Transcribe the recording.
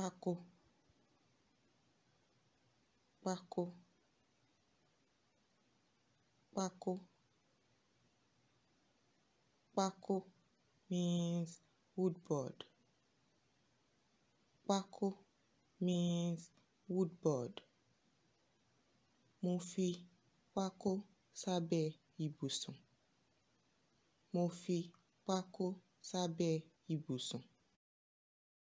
pákó pákó pákó pákó means wood board pákó means wood board mo fi pákó sábẹ́ ibùsùn mo fi pákó sábẹ́ ibùsùn